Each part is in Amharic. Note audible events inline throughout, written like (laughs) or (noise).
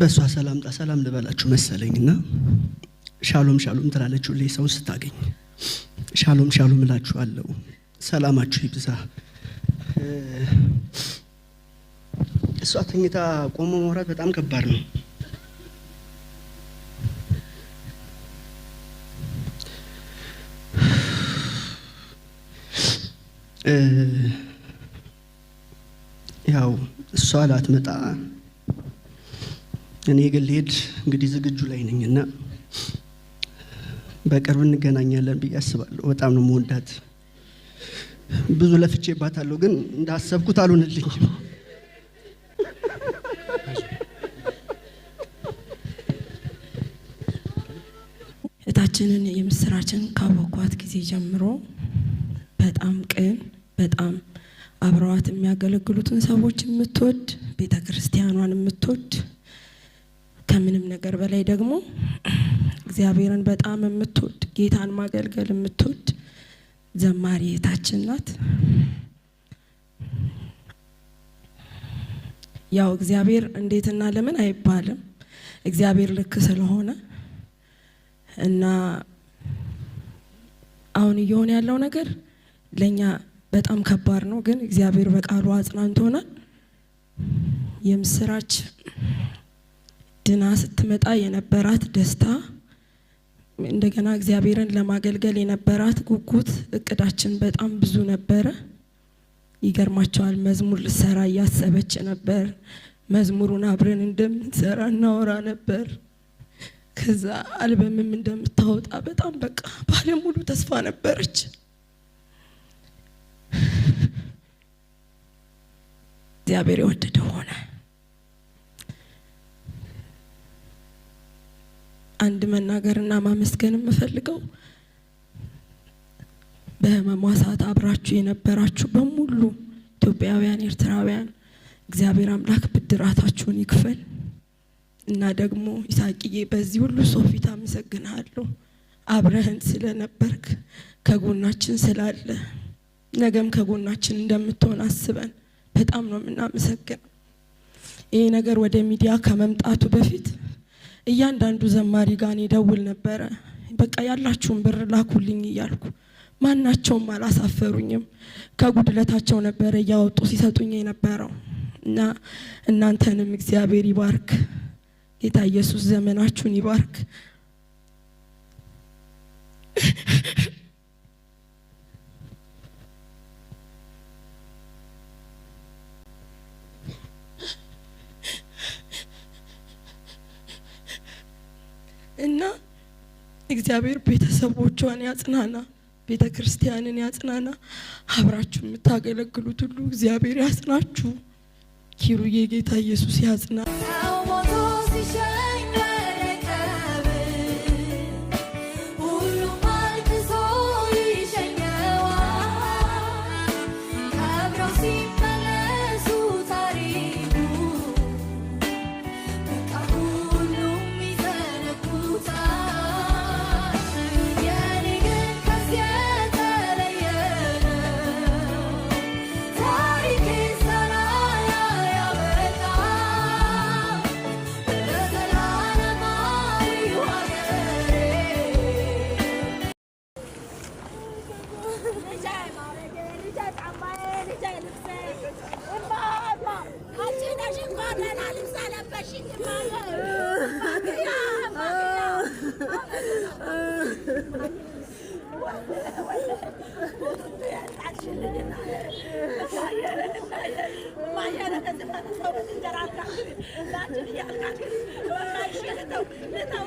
በእሷ ሰላምጣ ሰላም ልበላችሁ መሰለኝና ሻሎም ሻሎም ትላለች። ሁሌ ሰው ስታገኝ ሻሎም ሻሎም እላችኋለሁ፣ ሰላማችሁ ይብዛ። እሷ ተኝታ ቆሞ መውራት በጣም ከባድ ነው። ያው እሷ ላትመጣ እኔ ግን ልሄድ እንግዲህ ዝግጁ ላይ ነኝ እና በቅርብ እንገናኛለን ብዬ አስባለሁ። በጣም ነው መወዳት። ብዙ ለፍቼ ባታለሁ ግን እንዳሰብኩት አልሆንልኝ እታችንን የምስራችን ካወኳት ጊዜ ጀምሮ በጣም ቅን፣ በጣም አብረዋት የሚያገለግሉትን ሰዎች የምትወድ ቤተ ክርስቲያኗን የምትወድ ከምንም ነገር በላይ ደግሞ እግዚአብሔርን በጣም የምትወድ ጌታን ማገልገል የምትወድ ዘማሪ የታችን ናት። ያው እግዚአብሔር እንዴትና ለምን አይባልም። እግዚአብሔር ልክ ስለሆነ እና አሁን እየሆነ ያለው ነገር ለእኛ በጣም ከባድ ነው፣ ግን እግዚአብሔር በቃሉ አጽናንቶናል። የምስራች ድና ስትመጣ የነበራት ደስታ እንደገና እግዚአብሔርን ለማገልገል የነበራት ጉጉት እቅዳችን በጣም ብዙ ነበረ። ይገርማቸዋል። መዝሙር ልሰራ እያሰበች ነበር። መዝሙሩን አብረን እንደምንሰራ እናወራ ነበር። ከዛ አልበምም እንደምታወጣ በጣም በቃ ባለሙሉ ተስፋ ነበረች። እግዚአብሔር የወደደ ሆነ። አንድ መናገርና ማመስገን የምፈልገው በመሟሳት አብራችሁ የነበራችሁ በሙሉ ኢትዮጵያውያን፣ ኤርትራውያን እግዚአብሔር አምላክ ብድራታችሁን ይክፈል እና ደግሞ ይሳቅዬ በዚህ ሁሉ ሰው ፊት አመሰግናለሁ አብረህን ስለነበርክ ከጎናችን ስላለ ነገም ከጎናችን እንደምትሆን አስበን በጣም ነው የምናመሰግነው። ይሄ ነገር ወደ ሚዲያ ከመምጣቱ በፊት እያንዳንዱ ዘማሪ ጋር ደውል ነበረ። በቃ ያላችሁን ብር ላኩልኝ እያልኩ ማናቸውም አላሳፈሩኝም። ከጉድለታቸው ነበረ እያወጡ ሲሰጡኝ የነበረው እና እናንተንም እግዚአብሔር ይባርክ። ጌታ ኢየሱስ ዘመናችሁን ይባርክ። እና እግዚአብሔር ቤተሰቦቿን ያጽናና፣ ቤተ ክርስቲያንን ያጽናና። አብራችሁ የምታገለግሉት ሁሉ እግዚአብሔር ያጽናችሁ። ኪሩዬ ጌታ ኢየሱስ ያጽናና። እንጀራ ልተው ልተው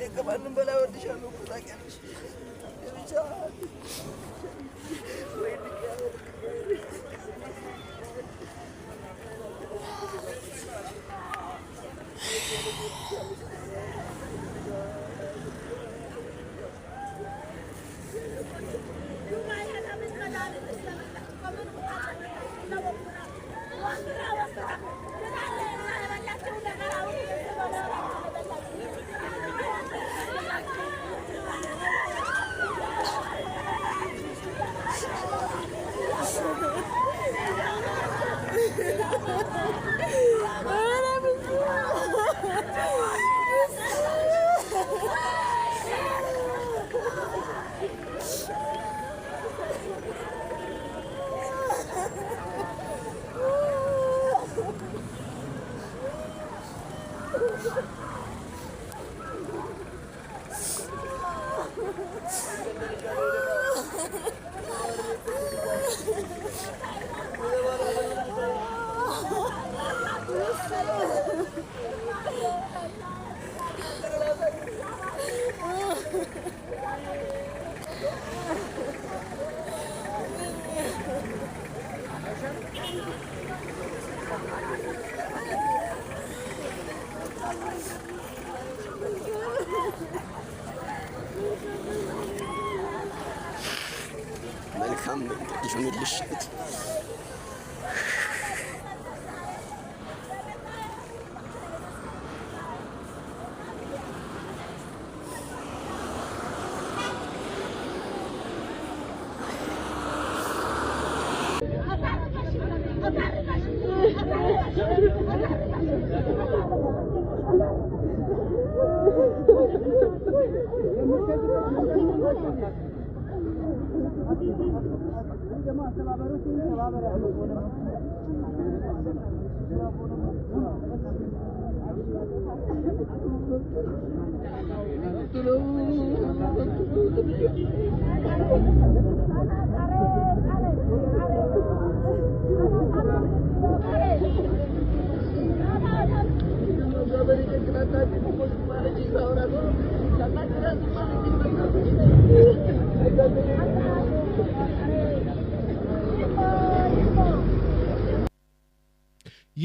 የከባንም በላይ ወድሻለሁ ብቻ Andra! (laughs)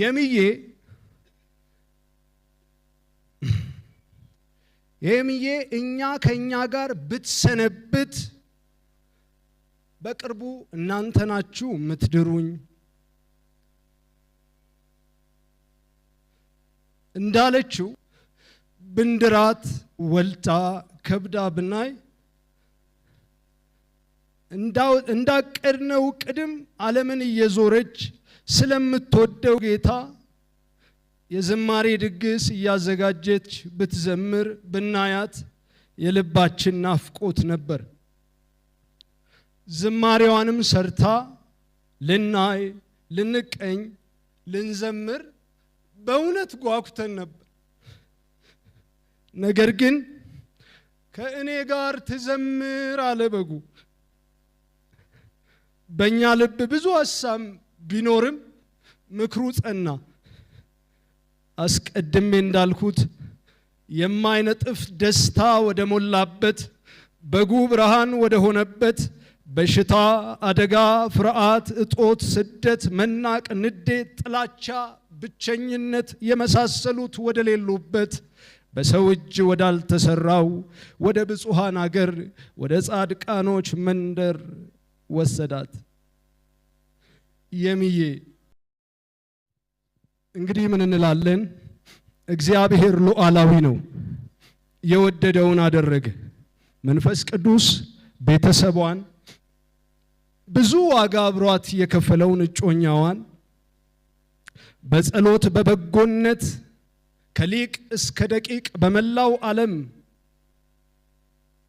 የምዬ የሚዬ እኛ ከእኛ ጋር ብትሰነብት በቅርቡ እናንተ ናችሁ ምትድሩኝ እንዳለችው ብንድራት ወልታ ከብዳ ብናይ እንዳቀድነው ቅድም አለምን እየዞረች ስለምትወደው ጌታ የዝማሬ ድግስ እያዘጋጀች ብትዘምር ብናያት የልባችን ናፍቆት ነበር። ዝማሬዋንም ሰርታ ልናይ፣ ልንቀኝ፣ ልንዘምር በእውነት ጓጉተን ነበር። ነገር ግን ከእኔ ጋር ትዘምር አለ በጉ። በእኛ ልብ ብዙ ሀሳብ ቢኖርም ምክሩ ጸና። አስቀድሜ እንዳልኩት የማይነጥፍ ደስታ ወደ ሞላበት በጉ ብርሃን ወደ ሆነበት በሽታ፣ አደጋ፣ ፍርሃት፣ እጦት፣ ስደት፣ መናቅ፣ ንዴት፣ ጥላቻ፣ ብቸኝነት የመሳሰሉት ወደ ሌሉበት በሰው እጅ ወዳልተሰራው ወደ ብፁሃን አገር ወደ ጻድቃኖች መንደር ወሰዳት። የሚዬ እንግዲህ ምን እንላለን? እግዚአብሔር ሉዓላዊ ነው፣ የወደደውን አደረገ። መንፈስ ቅዱስ ቤተሰቧን ብዙ ዋጋ አብሯት የከፈለውን እጮኛዋን በጸሎት በበጎነት ከሊቅ እስከ ደቂቅ በመላው ዓለም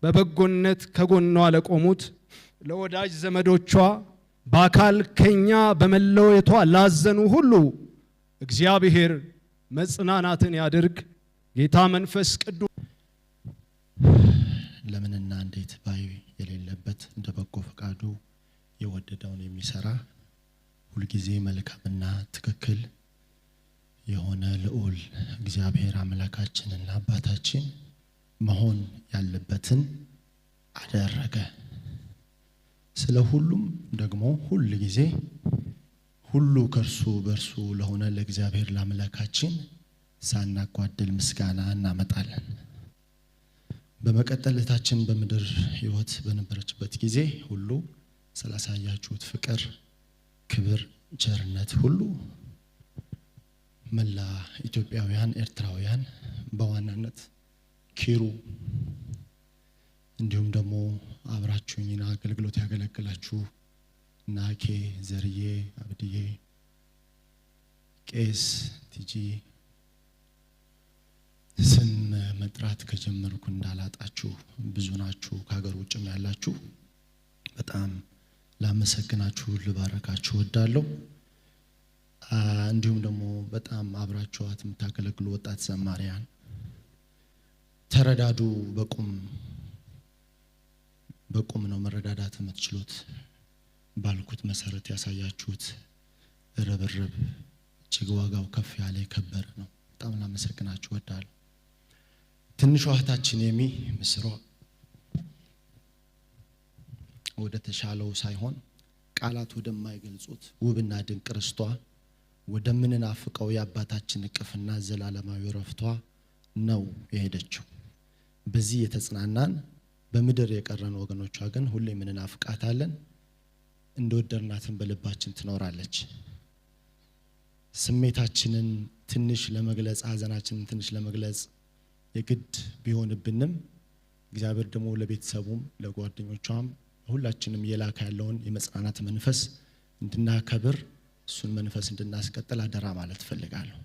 በበጎነት ከጎኗ ለቆሙት ለወዳጅ ዘመዶቿ በአካል ከኛ በመለወየቷ ላዘኑ ሁሉ እግዚአብሔር መጽናናትን ያድርግ። ጌታ መንፈስ ቅዱስ ለምንና እንዴት ባይ የሌለበት እንደ በጎ ፈቃዱ የወደደውን የሚሰራ ሁልጊዜ መልካምና ትክክል የሆነ ልዑል እግዚአብሔር አምላካችንና አባታችን መሆን ያለበትን አደረገ። ስለ ሁሉም ደግሞ ሁል ጊዜ ሁሉ ከእርሱ በእርሱ ለሆነ ለእግዚአብሔር ለአምላካችን ሳናጓድል ምስጋና እናመጣለን። በመቀጠልታችን በምድር ህይወት በነበረችበት ጊዜ ሁሉ ስላሳያችሁት ፍቅር፣ ክብር፣ ቸርነት ሁሉ መላ ኢትዮጵያውያን፣ ኤርትራውያን በዋናነት ኪሩ እንዲሁም ደግሞ አብራችሁኝና አገልግሎት ያገለግላችሁ ናኬ ዘርዬ፣ አብድዬ፣ ቄስ ቲጂ ስም መጥራት ከጀመርኩ እንዳላጣችሁ ብዙ ናችሁ። ከሀገር ውጭም ያላችሁ በጣም ላመሰግናችሁ፣ ልባረካችሁ ወዳለሁ እንዲሁም ደግሞ በጣም አብራችኋት የምታገለግሉ ወጣት ዘማሪያን ተረዳዱ በቁም በቁም ነው መረዳዳት የምትችሉት። ባልኩት መሰረት ያሳያችሁት ርብርብ እጅግ ዋጋው ከፍ ያለ የከበረ ነው። በጣም ላመሰግናችሁ ወዳለሁ። ትንሿ እህታችን የሚ ምስሯ ወደ ተሻለው ሳይሆን ቃላት ወደማይገልጹት ውብና ድንቅ ርስቷ ወደምንናፍቀው የአባታችን እቅፍና ዘላለማዊ ረፍቷ ነው የሄደችው። በዚህ የተጽናናን በምድር የቀረን ወገኖቿ ግን ሁሌም እንናፍቃታለን፣ እንደወደድናትን በልባችን ትኖራለች። ስሜታችንን ትንሽ ለመግለጽ ሀዘናችንን ትንሽ ለመግለጽ የግድ ቢሆንብንም እግዚአብሔር ደግሞ ለቤተሰቡም ለጓደኞቿም ሁላችንም የላካ ያለውን የመጽናናት መንፈስ እንድናከብር እሱን መንፈስ እንድናስቀጥል አደራ ማለት ትፈልጋለሁ።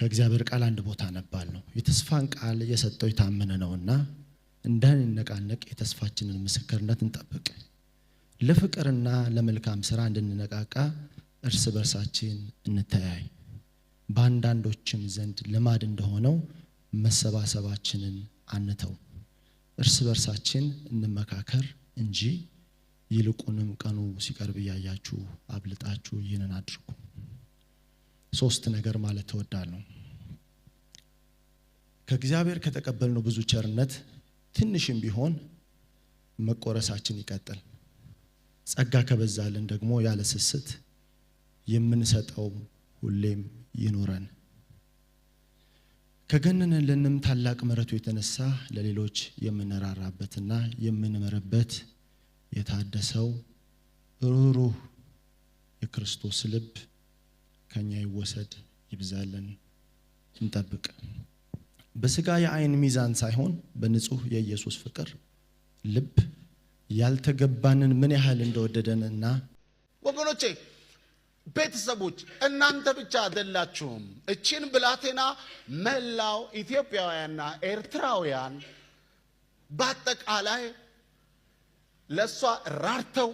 ከእግዚአብሔር ቃል አንድ ቦታ ነባል ነው የተስፋን ቃል የሰጠው የታመነ ነውና እንዳንነቃነቅ የተስፋችንን ምስክርነት እንጠብቅ። ለፍቅርና ለመልካም ስራ እንድንነቃቃ እርስ በርሳችን እንተያይ። በአንዳንዶችም ዘንድ ልማድ እንደሆነው መሰባሰባችንን አንተው። እርስ በርሳችን እንመካከር እንጂ ይልቁንም ቀኑ ሲቀርብ እያያችሁ አብልጣችሁ ይህንን አድርጉ። ሶስት ነገር ማለት እወዳለሁ። ከእግዚአብሔር ከተቀበልነው ብዙ ቸርነት ትንሽም ቢሆን መቆረሳችን ይቀጥል። ጸጋ ከበዛልን ደግሞ ያለ ስስት የምንሰጠው ሁሌም ይኑረን። ከገነነልንም ታላቅ ምሕረቱ የተነሳ ለሌሎች የምንራራበትና የምንምርበት የታደሰው ሩህሩህ የክርስቶስ ልብ ከኛ ይወሰድ ይብዛልን። እንጠብቅ። በስጋ የአይን ሚዛን ሳይሆን በንጹህ የኢየሱስ ፍቅር ልብ ያልተገባንን ምን ያህል እና ወገኖቼ ቤተሰቦች እናንተ ብቻ አይደላችሁም። እቺን ብላቴና መላው ኢትዮጵያውያንና ኤርትራውያን በአጠቃላይ ለእሷ ራርተው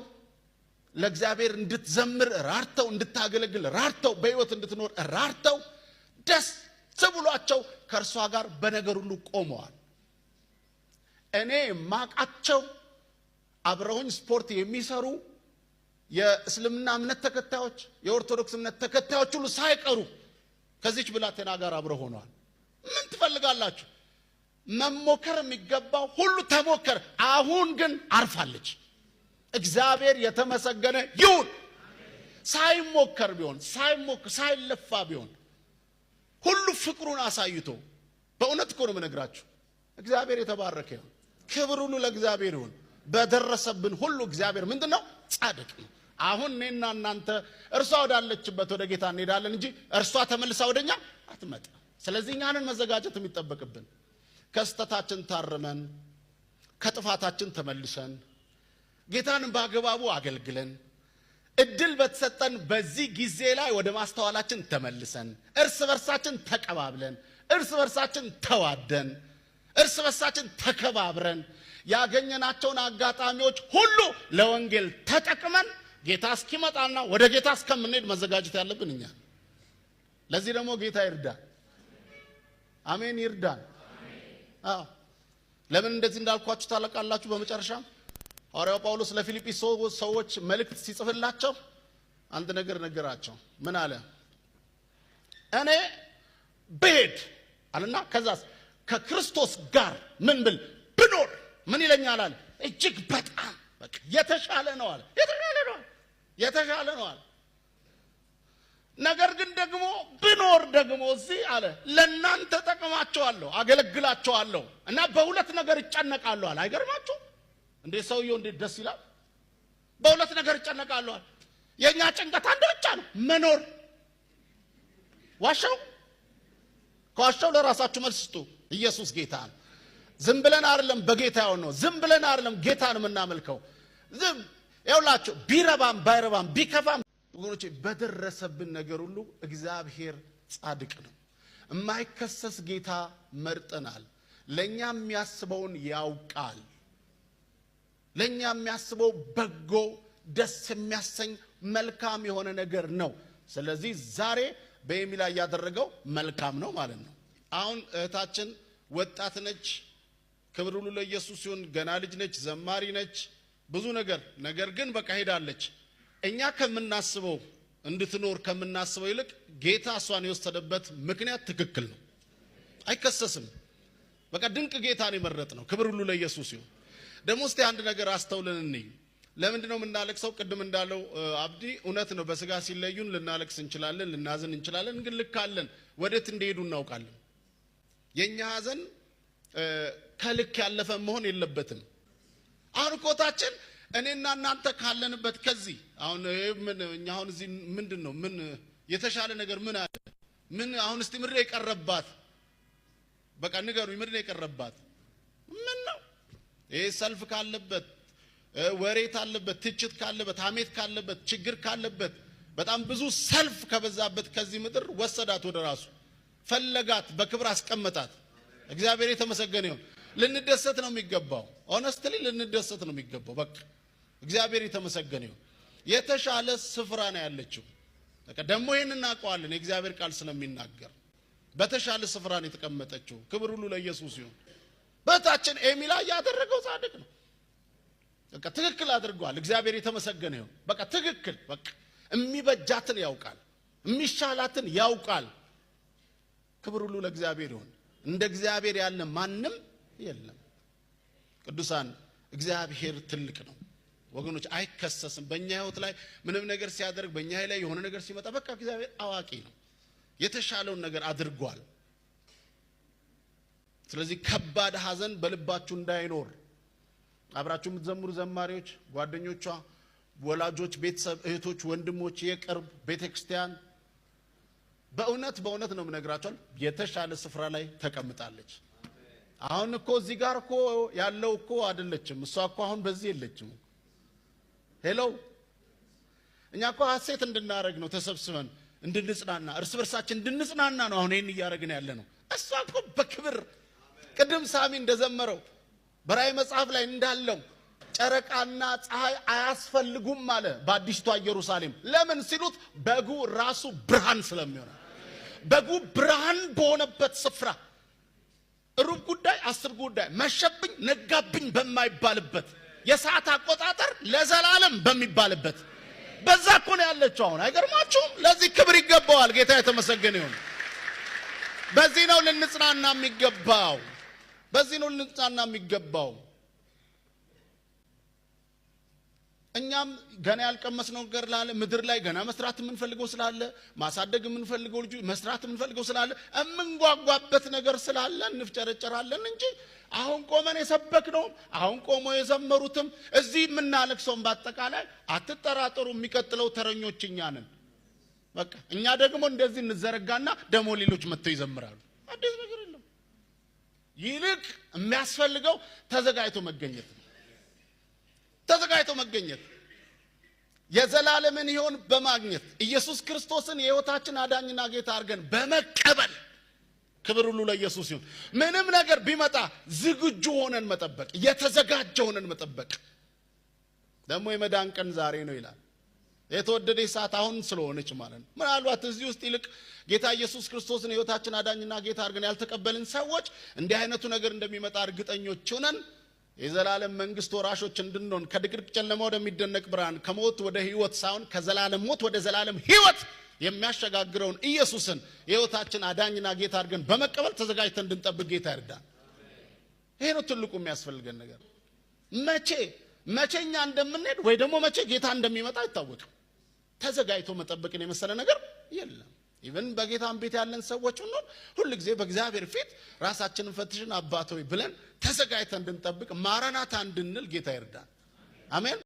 ለእግዚአብሔር እንድትዘምር ራርተው እንድታገለግል ራርተው በሕይወት እንድትኖር ራርተው ደስ ብሏቸው ከእርሷ ጋር በነገር ሁሉ ቆመዋል። እኔ ማቃቸው አብረውኝ ስፖርት የሚሰሩ የእስልምና እምነት ተከታዮች የኦርቶዶክስ እምነት ተከታዮች ሁሉ ሳይቀሩ ከዚች ብላቴና ጋር አብረው ሆነዋል። ምን ትፈልጋላችሁ? መሞከር የሚገባው ሁሉ ተሞከር። አሁን ግን አርፋለች። እግዚአብሔር የተመሰገነ ይሁን። ሳይሞከር ቢሆን ሳይሞከር ሳይለፋ ቢሆን ሁሉ ፍቅሩን አሳይቶ በእውነት እኮ ነው የምነግራችሁ። እግዚአብሔር የተባረከ ይሁን። ክብር ሁሉ ለእግዚአብሔር ይሁን። በደረሰብን ሁሉ እግዚአብሔር ምንድን ነው? ጻድቅ ነው። አሁን እኔና እናንተ እርሷ ወዳለችበት ወደ ጌታ እንሄዳለን እንጂ እርሷ ተመልሳ ወደኛ አትመጣ። ስለዚህ እኛንን መዘጋጀት የሚጠበቅብን ከስተታችን ታርመን ከጥፋታችን ተመልሰን ጌታን በአግባቡ አገልግለን እድል በተሰጠን በዚህ ጊዜ ላይ ወደ ማስተዋላችን ተመልሰን እርስ በርሳችን ተቀባብለን እርስ በርሳችን ተዋደን እርስ በርሳችን ተከባብረን ያገኘናቸውን አጋጣሚዎች ሁሉ ለወንጌል ተጠቅመን ጌታ እስኪመጣና ወደ ጌታ እስከምንሄድ መዘጋጀት ያለብን እኛ። ለዚህ ደግሞ ጌታ ይርዳን። አሜን፣ ይርዳን። ለምን እንደዚህ እንዳልኳችሁ ታለቃላችሁ። በመጨረሻም ሐዋርያው ጳውሎስ ለፊልጵስ ሰዎች መልእክት ሲጽፍላቸው አንድ ነገር ነገራቸው። ምን አለ? እኔ ብሄድ አለና ከዛስ ከክርስቶስ ጋር ምን ብል ብኖር ምን ይለኛል አለ። እጅግ በጣም በቃ የተሻለ ነው አለ። የተሻለ ነው የተሻለ ነው አለ። ነገር ግን ደግሞ ብኖር ደግሞ እዚህ አለ ለእናንተ ጠቅማቸዋለሁ፣ አገለግላቸዋለሁ እና በሁለት ነገር ይጨነቃሉ አለ። አይገርማችሁ? እንዴት ሰውየው እንዴት ደስ ይላል። በሁለት ነገር ይጨነቃለዋል። የእኛ ጭንቀት አንድ ብቻ ነው፣ መኖር። ዋሻው ከዋሻው ለራሳችሁ መልስ ስጡ። ኢየሱስ ጌታ ነው። ዝም ብለን አይደለም በጌታ ነው። ዝም ብለን አይደለም ነው የምናመልከው። ዝም ይውላችሁ፣ ቢረባም ባይረባም ቢከፋም ወገኖቼ በደረሰብን ነገር ሁሉ እግዚአብሔር ጻድቅ ነው። የማይከሰስ ጌታ መርጠናል። ለእኛ የሚያስበውን ያውቃል። ለእኛ የሚያስበው በጎ ደስ የሚያሰኝ መልካም የሆነ ነገር ነው። ስለዚህ ዛሬ በኤሚ ላይ ያደረገው መልካም ነው ማለት ነው። አሁን እህታችን ወጣት ነች። ክብር ሁሉ ለኢየሱስ ሲሆን ገና ልጅ ነች፣ ዘማሪ ነች፣ ብዙ ነገር ነገር ግን በቃ ሄዳለች። እኛ ከምናስበው እንድትኖር ከምናስበው ይልቅ ጌታ እሷን የወሰደበት ምክንያት ትክክል ነው። አይከሰስም። በቃ ድንቅ ጌታን የመረጥ ነው። ክብር ሁሉ ለኢየሱስ ይሁን። ደግሞ እስቲ አንድ ነገር አስተውልን እንይ። ለምንድን ነው የምናለቅሰው? ቅድም እንዳለው አብዲ እውነት ነው። በስጋ ሲለዩን ልናለቅስ እንችላለን፣ ልናዝን እንችላለን። ግን ልካለን ወዴት እንደሄዱ እናውቃለን። የእኛ ሀዘን ከልክ ያለፈ መሆን የለበትም። አርኮታችን እኔና እናንተ ካለንበት ከዚህ አሁን ምን እኛ አሁን እዚህ ምንድን ነው ምን የተሻለ ነገር ምን አለ? ምን አሁን እስቲ ምድር የቀረባት በቃ ንገሩ፣ ምድር የቀረባት ምን ይህ ሰልፍ ካለበት ወሬት ካለበት ትችት ካለበት ሐሜት ካለበት ችግር ካለበት በጣም ብዙ ሰልፍ ከበዛበት ከዚህ ምድር ወሰዳት፣ ወደ ራሱ ፈለጋት፣ በክብር አስቀመጣት። እግዚአብሔር የተመሰገነ ይሁን። ልንደሰት ነው የሚገባው። ኦነስትሊ ልንደሰት ነው የሚገባው። በቃ እግዚአብሔር የተመሰገነ ይሁን። የተሻለ ስፍራ ነው ያለችው። ደግሞ ይህን እናውቀዋለን፣ የእግዚአብሔር ቃል ስለሚናገር በተሻለ ስፍራ ነው የተቀመጠችው። ክብር ሁሉ ለኢየሱስ ይሁን። በታችን ኤሚላ ያደረገው ጻድቅ ነው። በቃ ትክክል አድርጓል። እግዚአብሔር የተመሰገነ ይሁን። በቃ ትክክል በቃ የሚበጃትን ያውቃል፣ የሚሻላትን ያውቃል። ክብር ሁሉ ለእግዚአብሔር ይሁን። እንደ እግዚአብሔር ያለ ማንም የለም። ቅዱሳን እግዚአብሔር ትልቅ ነው ወገኖች፣ አይከሰስም። በእኛ ህይወት ላይ ምንም ነገር ሲያደርግ፣ በእኛ ላይ የሆነ ነገር ሲመጣ፣ በቃ እግዚአብሔር አዋቂ ነው። የተሻለውን ነገር አድርጓል። ስለዚህ ከባድ ሀዘን በልባችሁ እንዳይኖር አብራችሁ የምትዘምሩ ዘማሪዎች፣ ጓደኞቿ፣ ወላጆች፣ ቤተሰብ፣ እህቶች፣ ወንድሞች፣ የቅርብ ቤተ ክርስቲያን በእውነት በእውነት ነው የምነግራቸዋል። የተሻለ ስፍራ ላይ ተቀምጣለች። አሁን እኮ እዚህ ጋር እኮ ያለው እኮ አይደለችም። እሷ እኮ አሁን በዚህ የለችም። ሄሎ እኛ እኮ ሀሴት እንድናደረግ ነው ተሰብስበን እንድንጽናና፣ እርስ በርሳችን እንድንጽናና ነው አሁን ይህን እያደረግን ያለ ነው። እሷ እኮ በክብር ቅድም ሳሚ እንደዘመረው በራእይ መጽሐፍ ላይ እንዳለው ጨረቃና ፀሐይ አያስፈልጉም አለ በአዲስቷ ኢየሩሳሌም። ለምን ሲሉት በጉ ራሱ ብርሃን ስለሚሆነ በጉ ብርሃን በሆነበት ስፍራ ሩብ ጉዳይ፣ አስር ጉዳይ፣ መሸብኝ፣ ነጋብኝ በማይባልበት የሰዓት አቆጣጠር ለዘላለም በሚባልበት በዛ እኮ ነው ያለችው። አሁን አይገርማችሁም? ለዚህ ክብር ይገባዋል። ጌታ የተመሰገነ ይሁን። በዚህ ነው ልንጽናና የሚገባው። በዚህ ነው ልንጻና የሚገባው። እኛም ገና ያልቀመስነው ነገር ላለ ምድር ላይ ገና መስራት የምንፈልገው ስላለ ማሳደግ የምንፈልገው ልጁ መስራት የምንፈልገው ስላለ የምንጓጓበት ነገር ስላለ እንፍጨረጨራለን እንጂ አሁን ቆመን የሰበክነውም አሁን ቆሞ የዘመሩትም እዚህ የምናለቅሰውም በአጠቃላይ አትጠራጠሩ፣ የሚቀጥለው ተረኞች እኛ ነን። በቃ እኛ ደግሞ እንደዚህ እንዘረጋና ደግሞ ሌሎች መጥተው ይዘምራሉ። አዲስ ነገር ይልቅ የሚያስፈልገው ተዘጋጅቶ መገኘት ነው። ተዘጋጅቶ መገኘት የዘላለምን ይሆን በማግኘት ኢየሱስ ክርስቶስን የሕይወታችን አዳኝና ጌታ አድርገን በመቀበል ክብር ሁሉ ለኢየሱስ ይሁን። ምንም ነገር ቢመጣ ዝግጁ ሆነን መጠበቅ፣ የተዘጋጀ ሆነን መጠበቅ። ደግሞ የመዳን ቀን ዛሬ ነው ይላል። የተወደደች ሰዓት አሁን ስለሆነች ማለት ነው። ምናልባት እዚህ ውስጥ ይልቅ ጌታ ኢየሱስ ክርስቶስን ህይወታችን አዳኝና ጌታ አድርገን ያልተቀበልን ሰዎች እንዲህ አይነቱ ነገር እንደሚመጣ እርግጠኞች ሆነን የዘላለም መንግስት ወራሾች እንድንሆን ከድቅድቅ ጨለማ ወደሚደነቅ ብርሃን ከሞት ወደ ህይወት ሳይሆን ከዘላለም ሞት ወደ ዘላለም ህይወት የሚያሸጋግረውን ኢየሱስን የህይወታችን አዳኝና ጌታ አድርገን በመቀበል ተዘጋጅተን እንድንጠብቅ ጌታ ይርዳን። ይሄ ነው ትልቁ የሚያስፈልገን ነገር። መቼ መቼኛ እንደምንሄድ ወይ ደግሞ መቼ ጌታ እንደሚመጣ አይታወቅም። ተዘጋጅቶ መጠበቅን የመሰለ ነገር የለም። ኢቨን በጌታን ቤት ያለን ሰዎች ሁሉ ሁል ጊዜ በእግዚአብሔር ፊት ራሳችንን ፈትሽን አባቶይ ብለን ተዘጋጅተን እንድንጠብቅ ማረናታ እንድንል ጌታ ይርዳን። አሜን።